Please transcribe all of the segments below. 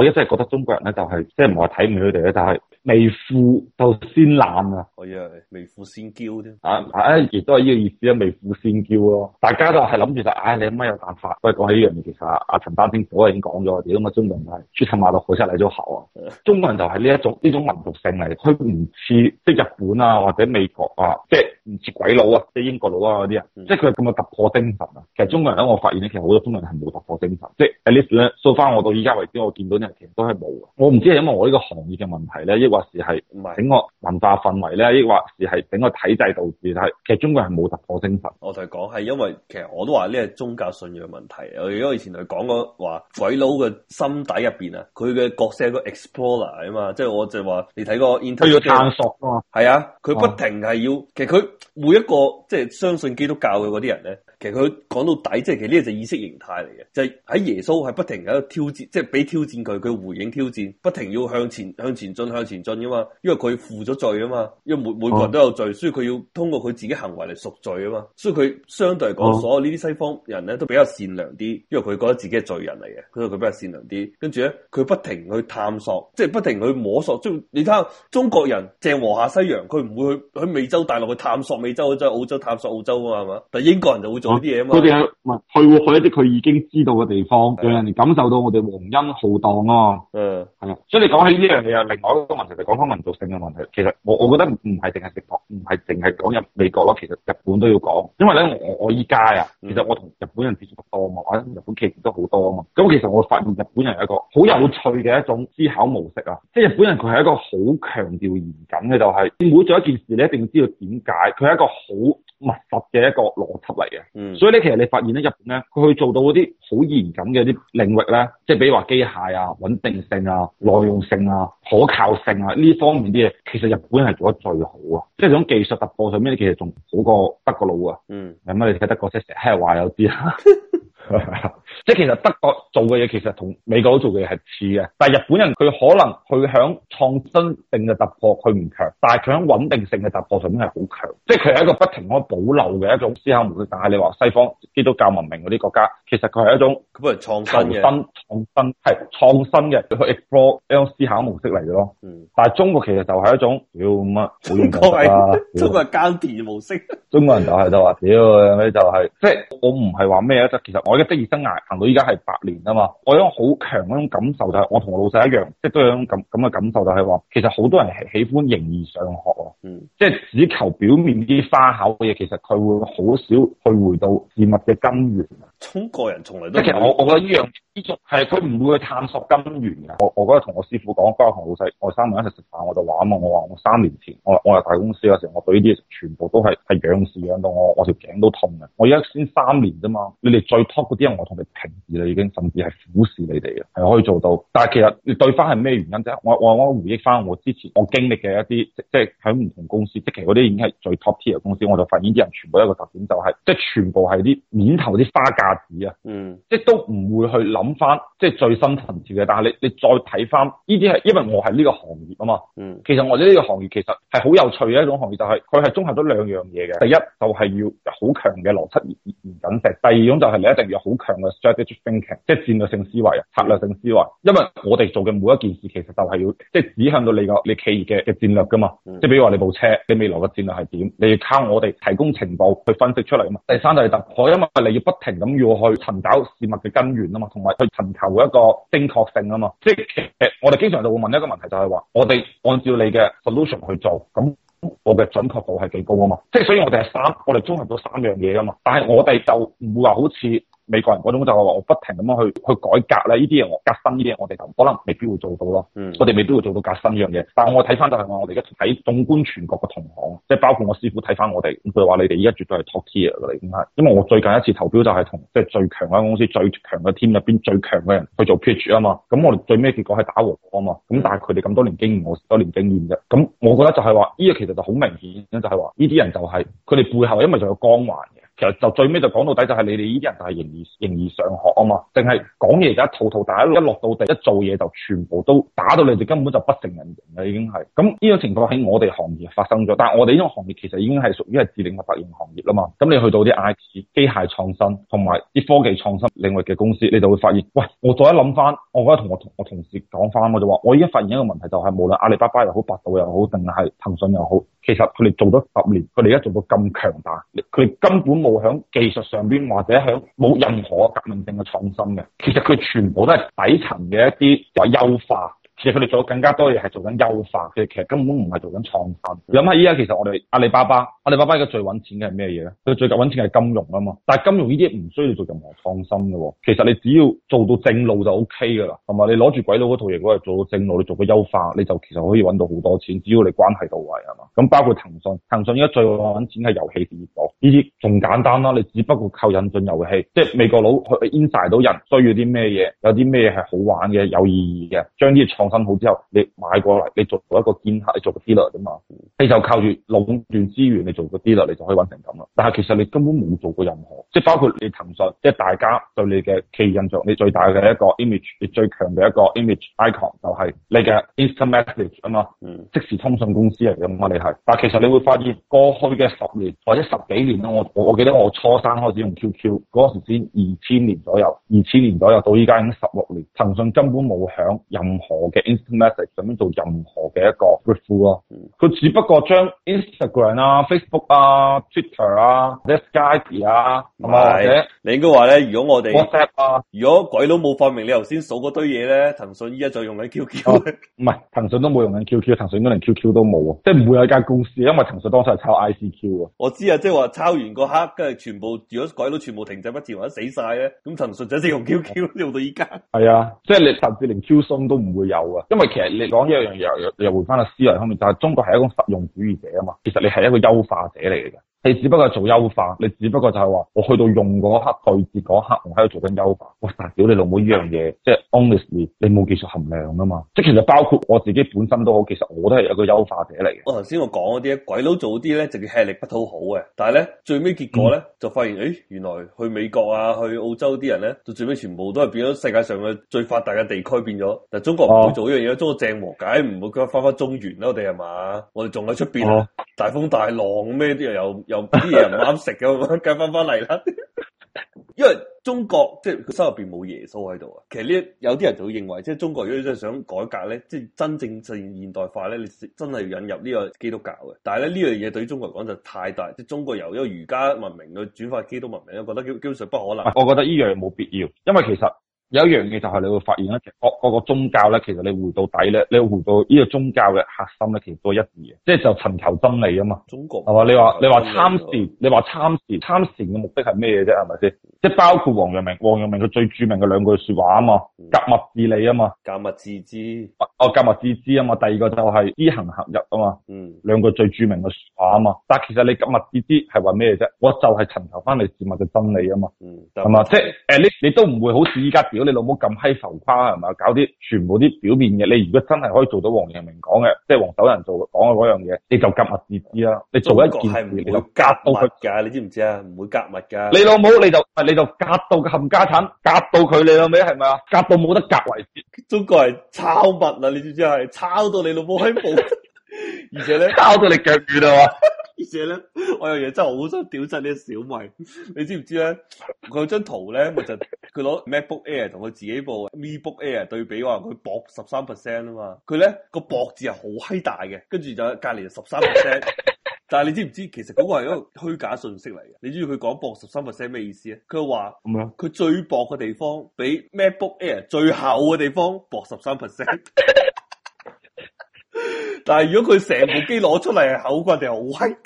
我真係覺得中國人咧、就是，就係即係唔係睇唔起佢哋咧，但係未富就先懶啊！我以為未富先驕啫，啊！啊，亦都係呢個意思啊！未富先驕咯、啊，大家都係諗住就唉，你阿媽有辦法。不過講起呢樣嘢，其實阿陳丹青嗰已經講咗，啲咁嘅中國人係出頭馬腦，好出嚟張口啊！中國人就係呢一種呢種民族性嚟，佢唔似即係日本啊，或者美國啊，即係唔似鬼佬啊，即係英國佬啊嗰啲啊，嗯、即係佢咁嘅突破精神啊！其實中國人咧，嗯、我發現咧，其實好多中國人係冇突破精神，即係呢 at least 咧，數翻我到而家為止，我見到其實都係冇啊！我唔知係因為我呢個行業嘅問題咧，抑或是係唔係整個文化氛圍咧，抑或是係整個體制導致。但係其實中國人冇突破精神。我就係講係因為其實我都話呢係宗教信仰問題。我因為以前就講過話，鬼佬嘅心底入邊啊，佢嘅角色係個 explorer 啊嘛，即係我就話、是、你睇個 inter，佢要探索啊，嘛，係啊，佢不停係要。啊、其實佢每一個即係相信基督教嘅嗰啲人咧。其實佢講到底，即係其實呢個就意識形態嚟嘅，就係、是、喺耶穌係不停喺度挑戰，即係俾挑戰佢，佢回應挑戰，不停要向前、向前進、向前進噶嘛。因為佢負咗罪啊嘛，因為每每個人都有罪，所以佢要通過佢自己行為嚟贖罪啊嘛。所以佢相對嚟講，所有呢啲西方人咧都比較善良啲，因為佢覺得自己係罪人嚟嘅，所以佢比較善良啲。跟住咧，佢不停去探索，即係不停去摸索。即你睇下，中國人鄭和下西洋，佢唔會去去美洲大陸去探索美洲，或者澳洲探索澳洲啊嘛，係嘛？但英國人就會做。嗰啲嘢，佢哋係唔係去一啲佢已經知道嘅地方，嗯、讓人哋感受到我哋皇恩浩蕩咯，啊。嗯，係啊的。所以你講起呢樣嘢啊，另外一個問題就係講翻民族性嘅問題。其實我我覺得唔係淨係食韓，唔係淨係講入美國咯。其實日本都要講，因為咧，我我依家啊，其實我同日本人接觸得多啊嘛，日本企業都好多啊嘛。咁其實我發現日本人有一個好有趣嘅一種思考模式啊，即係日本人佢係一個好強調嚴謹嘅，就係你每做一件事，你一定要知道點解。佢係一個好密實嘅一個邏輯嚟嘅，嗯、所以咧其實你發現咧日本咧，佢去做到嗰啲好嚴謹嘅啲領域咧，即係比如話機械啊、穩定性啊、耐用性啊、可靠性啊呢方面啲嘢，其實日本係做得最好啊！即係種技術突破上面咧，其實仲好過德國佬啊。嗯，有乜你睇德國車成日話有啲啊？ 即係 其實德國做嘅嘢其實同美國做嘅嘢係似嘅，但係日本人佢可能佢響創新性嘅突破佢唔強，但係佢響穩定性嘅突破上面係好強，即係佢係一個不停可以保留嘅一種思考模式。但係你話西方基督教文明嗰啲國家，其實佢係一種佢係創新嘅創新創新係創新嘅去 explore 一種思考模式嚟嘅咯。但係中國其實就係一種屌乜、哎啊哎，中國係中國係耕田模式， 中國人就係就話屌你，就係即係我唔係話咩啊，即其實我。一職業生涯行到依家係八年啊嘛。我有好強嗰種感受就係、是，我同我老細一樣，即係都有一種咁咁嘅感受、就是，就係話其實好多人喜喜歡形而上學，嗯，即係只求表面啲花巧嘅嘢，其實佢會好少去回到事物嘅根源。中國人從來都係，其實我我覺得呢樣呢種係佢唔會去探索根源嘅。我我嗰日同我師傅講，加阿韓老細，我三個人一齊食飯，我就話啊嘛，我話我三年前我我喺大公司嗰時候我對呢啲嘢，全部都係係仰視，仰視到我我條頸都痛嘅。我而家先三年啫嘛，你哋最痛。包括啲人，我同你平視你已經甚至係俯視你哋嘅，係可以做到。但係其實你對翻係咩原因啫？我我我回憶翻我之前我經歷嘅一啲，即係即係喺唔同公司，即係嗰啲已經係最 top tier 公司，我就發現啲人全部一個特點就係、是，即係全部係啲面頭啲花架子啊。嗯、mm.，即係都唔會去諗翻，即係最深層次嘅。但係你你再睇翻呢啲係，因為我係呢個行業啊嘛。嗯，mm. 其實我哋呢個行業其實係好有趣嘅一種行業，就係佢係綜合咗兩樣嘢嘅。第一就係、是、要好強嘅邏輯嚴謹性，第二種就係你一定.有好強嘅 strategy thinking，即係戰略性思維啊，策略性思維。因為我哋做嘅每一件事，其實就係要即係指向到你個你企業嘅嘅戰略噶嘛。即係、嗯、比如話你部車，你未來嘅戰略係點？你要靠我哋提供情報去分析出嚟啊嘛。第三就係、是、特我，因為你要不停咁要去尋找事物嘅根源啊嘛，同埋去尋求一個精確性啊嘛。即係誒，我哋經常就會問一個問題，就係、是、話我哋按照你嘅 solution 去做，咁我嘅準確度係幾高啊嘛？即係所以我哋係三，我哋綜合到三樣嘢啊嘛。但係我哋就唔會話好似。美國人嗰種就係話，我不停咁樣去去改革咧，依啲嘢我革新呢啲嘢，我哋就可能未必會做到咯。嗯，我哋未必會做到革新呢樣嘢。但係我睇翻就係話，我哋而家睇縱觀全國嘅同行，即係包括我師傅睇翻我哋，咁佢話你哋依家絕對係 top tier 嘅嚟，已經係。因為我最近一次投標就係同即係最強嗰間公司、最強嘅 team 入邊最強嘅人去做 pitch 啊嘛。咁我哋最尾結果係打和啊嘛。咁但係佢哋咁多年經驗，我多年經驗啫。咁我覺得就係話，呢個其實就好明顯，就係話呢啲人就係佢哋背後因為就有光環其實就最尾就講到底，就係你哋呢啲人就係形而形而上學啊嘛，淨係講嘢而家一套套，但係一落到地一做嘢就全部都打到你哋根本就不成人形啦，已經係。咁呢種情況喺我哋行業發生咗，但係我哋呢種行業其實已經係屬於係自領嘅發型行業啦嘛。咁你去到啲 I T 機械創新同埋啲科技創新領域嘅公司，你就會發現，喂，我再一諗翻，我覺得同我同我同事講翻我就話，我依家發現一個問題就係、是，無論阿里巴巴又好，百度又好，定係騰訊又好，其實佢哋做咗十年，佢哋而家做到咁強大，佢哋根本冇。做喺技術上邊或者響冇任何革命性嘅創新嘅，其實佢全部都係底層嘅一啲話、就係、優化。其實佢哋做更加多嘢係做緊優化，佢哋其實根本唔係做緊創新。諗下依家其實我哋阿里巴巴，阿里巴巴而家最揾錢嘅係咩嘢咧？佢最近揾錢係金融啊嘛，但係金融呢啲唔需要做任何創新嘅喎。其實你只要做到正路就 O K 嘅啦，係嘛？你攞住鬼佬嗰套嘢如果係做到正路，你做個優化，你就其實可以揾到好多錢。只要你關係到位係嘛？咁包括騰訊，騰訊而家最揾錢係遊戲業界，依啲仲簡單啦。你只不過靠引進遊戲，即係美國佬去 insight 到人需要啲咩嘢，有啲咩係好玩嘅、有意義嘅，將啲創分好之後，你買過嚟，你做一個兼客，你做個 dealer 啫嘛。你就靠住壟斷資源，你做個 dealer，你就可以揾成咁啦。但係其實你根本冇做過任何，即係包括你騰訊，即係大家對你嘅企業印象，你最大嘅一個 image，你最強嘅一個 image icon 就係你嘅 Instant Message 啊嘛。嗯。即時通訊公司嚟嘅嘛，你係。但係其實你會發現，過去嘅十年或者十幾年咯，我我記得我初三開始用 QQ，嗰陣時先二千年左右，二千年左右到依家已經十六年，騰訊根本冇響任何嘅 Instant Message 上面做任何嘅一個 Review 咯，佢只不過將 Instagram 啊、Facebook 啊、Twitter 啊、Skype 啊，唔係，係係你應該話咧，如果我哋 WhatsApp 啊，如果鬼佬冇發明，你頭先數嗰堆嘢咧，騰訊依家再用緊 QQ，唔係騰訊都冇用緊 QQ，騰訊應該連 QQ 都冇啊，即係唔會有一間公司，因為騰訊當時係抄 ICQ 啊，我知啊，即係話抄完嗰刻，跟住全部如果鬼佬全部停滯不前或者死曬咧，咁騰訊就先用 QQ 用到依家，係啊，即係你甚至連 QQ 都唔會有。因為其實你講一樣嘢又又又回翻個思維方面，就係、是、中國係一個實用主義者啊嘛，其實你係一個優化者嚟嘅。你只不過做優化，你只不過就係話，我去到用嗰刻去接嗰刻，我喺度做緊優化。哇！屌你老母依樣嘢，即係 honestly，你冇技術含量啊嘛！即係其實包括我自己本身都好，其實我都係一個優化者嚟嘅。我頭先我講嗰啲，鬼佬做啲咧，直接吃力不討好嘅。但係咧，最尾結果咧，就發現誒，原來去美國啊，去澳洲啲人咧，就最尾全部都係變咗世界上嘅最發達嘅地區變咗。嗱，中國唔會做依樣嘢，中國正和解唔會佢翻翻中原啦，我哋係嘛？我哋仲喺出邊，大風大浪咩啲又有。有啲嘢唔啱食嘅，計翻翻嚟啦。因為中國即係佢心入邊冇耶穌喺度啊。其實呢，有啲人就會認為，即係中國如果真係想改革咧，即係真正實現現代化咧，你真係要引入呢個基督教嘅。但係咧呢樣嘢，這個，對於中國嚟講就太大，即係中國由一個儒家文明去轉化基督文明，我覺得基基本上不可能。我覺得呢樣嘢冇必要，因為其實。有一樣嘢就係你會發現咧，各各個宗教咧，其實你回到底咧，你回到呢個宗教嘅核心咧，其實都一致嘅，即係就尋求真理啊嘛。中國係嘛？你話，嗯、你話參禪，你話參禪，參禪嘅目的係咩嘢啫？係咪先？即係包括王陽明，王陽明佢最著名嘅兩句說話啊嘛，嗯、格物致理啊嘛，格物致知哦，格物致知啊嘛。第二個就係知行合一啊嘛。嗯，兩個最著名嘅說話啊嘛。但係其實你格物致知係話咩嘢啫？我就係尋求翻你事物嘅真理啊嘛。嗯，係嘛、嗯？嗯、即係誒、呃，你你都唔會好似依家你老母咁閪浮誇係咪啊，搞啲全部啲表面嘅，你如果真係可以做到王陽明講嘅，即係王守仁做講嘅嗰樣嘢，你就夾物自知啦。你做一件係唔會夾物噶，你知唔知啊？唔會夾物噶。你老母你就你就夾到冚家鏟，夾到佢你老味係咪啊？夾到冇得夾為止。中國係抄物啦，你知唔知啊？抄到你老母閪冇， 而且咧呢 抄到你腳軟啊！ 而且咧，我有嘢真係好想屌柒你。小米， 你知唔知咧？佢有張圖咧，咪就。 佢攞 MacBook Air 同佢自己部 MacBook Air 對比話佢薄十三 percent 啊嘛，佢咧、嗰個薄字係好閪大嘅，跟住就隔籬十三 percent，但係你知唔知其實嗰個係一個虛假信息嚟嘅？你知唔知佢講薄十三 percent 咩意思啊？佢話咁樣，佢 最薄嘅地方比 MacBook Air 最厚嘅地方薄十三 percent，但係如果佢成部機攞出嚟係厚嘅話，定係好閪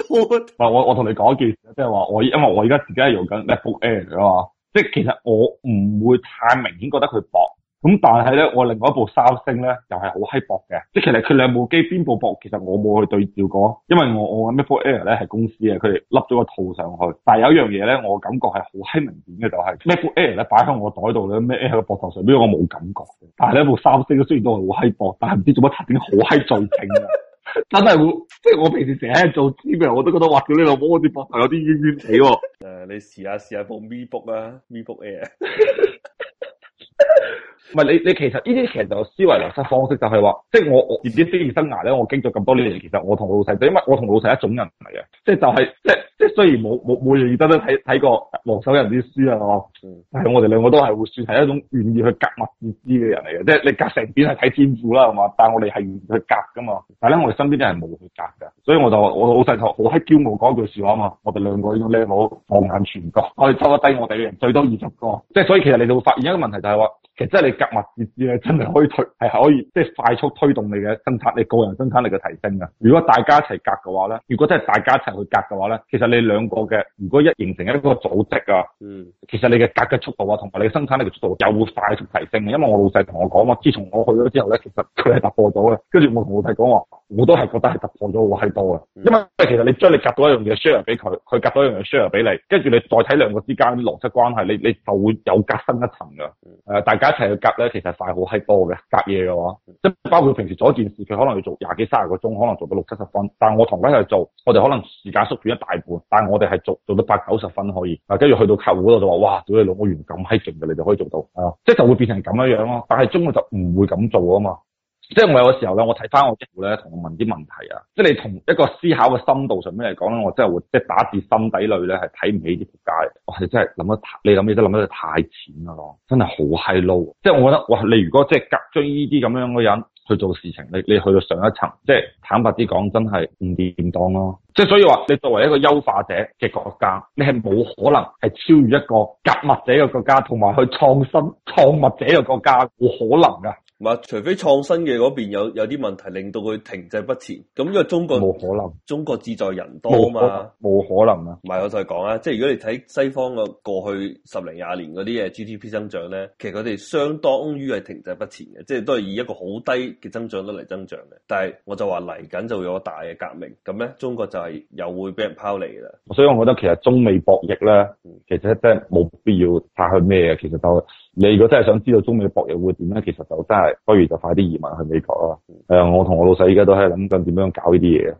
多。我我同你講一件，即係話我因為我而家自己係用緊 MacBook Air 啊嘛。即係其實我唔會太明顯覺得佢薄，咁但係咧我另外一部三星咧又係好稀薄嘅，即係其實佢兩部機邊部薄，其實我冇去對照過，因為我我 MacBook Air 咧係公司嘅，佢哋笠咗個套上去，但係有一樣嘢咧，我感覺係好稀明顯嘅就係、是、MacBook Air 咧擺喺我袋度咧，孭喺個膊頭上邊我冇感覺嘅，但係咧部三星咧雖然都係好稀薄，但係唔知做乜特點好稀最勁啊。 真係會，即係我平時成日喺度做 Zoom，我都覺得哇、哦，佢呢度摸啲膊頭有啲冤冤死喎。誒，你試下試下放 MeBook 啦，MeBook Air。唔係你，你其實呢啲其實就係思維流失方式，就係話即係我我而家啲職業生涯咧，我經歷咁多年，其實我同老細因為我同老細一種人嚟嘅，即係就係即係即係雖然冇冇冇樣樣都睇睇過王守仁啲書啊，係嘛，但係我哋兩個都係會算係一種願意去格物致知嘅人嚟嘅，即係你隔成片係睇天賦啦，係嘛，但係我哋係願意去格噶嘛。但係咧，我哋身邊啲人冇去格嘅，所以我就我老細就好閪驕傲講一句説話啊嘛，我哋兩個呢好放眼全國，我哋收得低我哋嘅人最多二十個，即係所以其實你就會發現一個問題就係話。其實即係你格物致知咧，真係可以推係可以即係快速推動你嘅生產你個人生產力嘅提升噶。如果大家一齊格嘅話咧，如果真係大家一齊去格嘅話咧，其實你兩個嘅如果一形成一個組織啊，嗯，其實你嘅格嘅速度啊，同埋你嘅生產力嘅速度又會快速提升嘅。因為我老細同我講話，自從我去咗之後咧，其實佢係突破咗嘅。跟住我同老細講話，我我都係覺得係突破咗好多嘅。嗯、因為其實你將你格到一樣嘢 share 俾佢，佢格到一樣嘢 share 俾你，跟住你再睇兩個之間啲邏輯關係，你你就會有格新一層噶。誒、呃，大一齊去夾咧，其實快好閪多嘅。夾嘢嘅話，即係包括平時做一件事，佢可能要做廿幾三十個鐘，可能做到六七十分。但係我同佢一齊做，我哋可能時間縮短一大半。但係我哋係做做到八九十分可以。啊，跟住去到客戶嗰度就話，哇，屌你老母，原來咁閪勁嘅，你就可以做到。啊，即係就會變成咁樣樣咯。但係中國就唔會咁做啊嘛。即係我有個時候咧，我睇翻我啲僆咧同我問啲問題啊！即係你從一個思考嘅深度上面嚟講咧，我真係會即係打字心底裡咧係睇唔起啲撲街，我係真係諗得太，你諗嘢都諗得太淺咯，真係好閪 low！即係我覺得哇，你如果即係夾將呢啲咁樣嘅人去做事情，你你去到上一層，即係坦白啲講，真係唔掂當咯！即係所以話，你作為一個優化者嘅國家，你係冇可能係超越一個夾物者嘅國家，同埋去創新創物者嘅國家冇可能噶。唔係，除非創新嘅嗰邊有有啲問題，令到佢停滯不前。咁因為中國冇可能，中國志在人多嘛，冇可、可能啊！唔係我再講啊，即係如果你睇西方嘅過去十零廿年嗰啲嘅 GDP 增長咧，其實佢哋相當於係停滯不前嘅，即係都係以一個好低嘅增長率嚟增長嘅。但係我就話嚟緊就會有個大嘅革命咁咧，中國就係又會俾人拋離啦。所以我覺得其實中美博弈咧，其實真係冇必要怕去咩嘅，其實都。你如果真係想知道中美博弈會點咧，其實就真係不如就快啲移民去美國啦。誒、呃，我同我老細而家都喺度諗緊點樣搞呢啲嘢。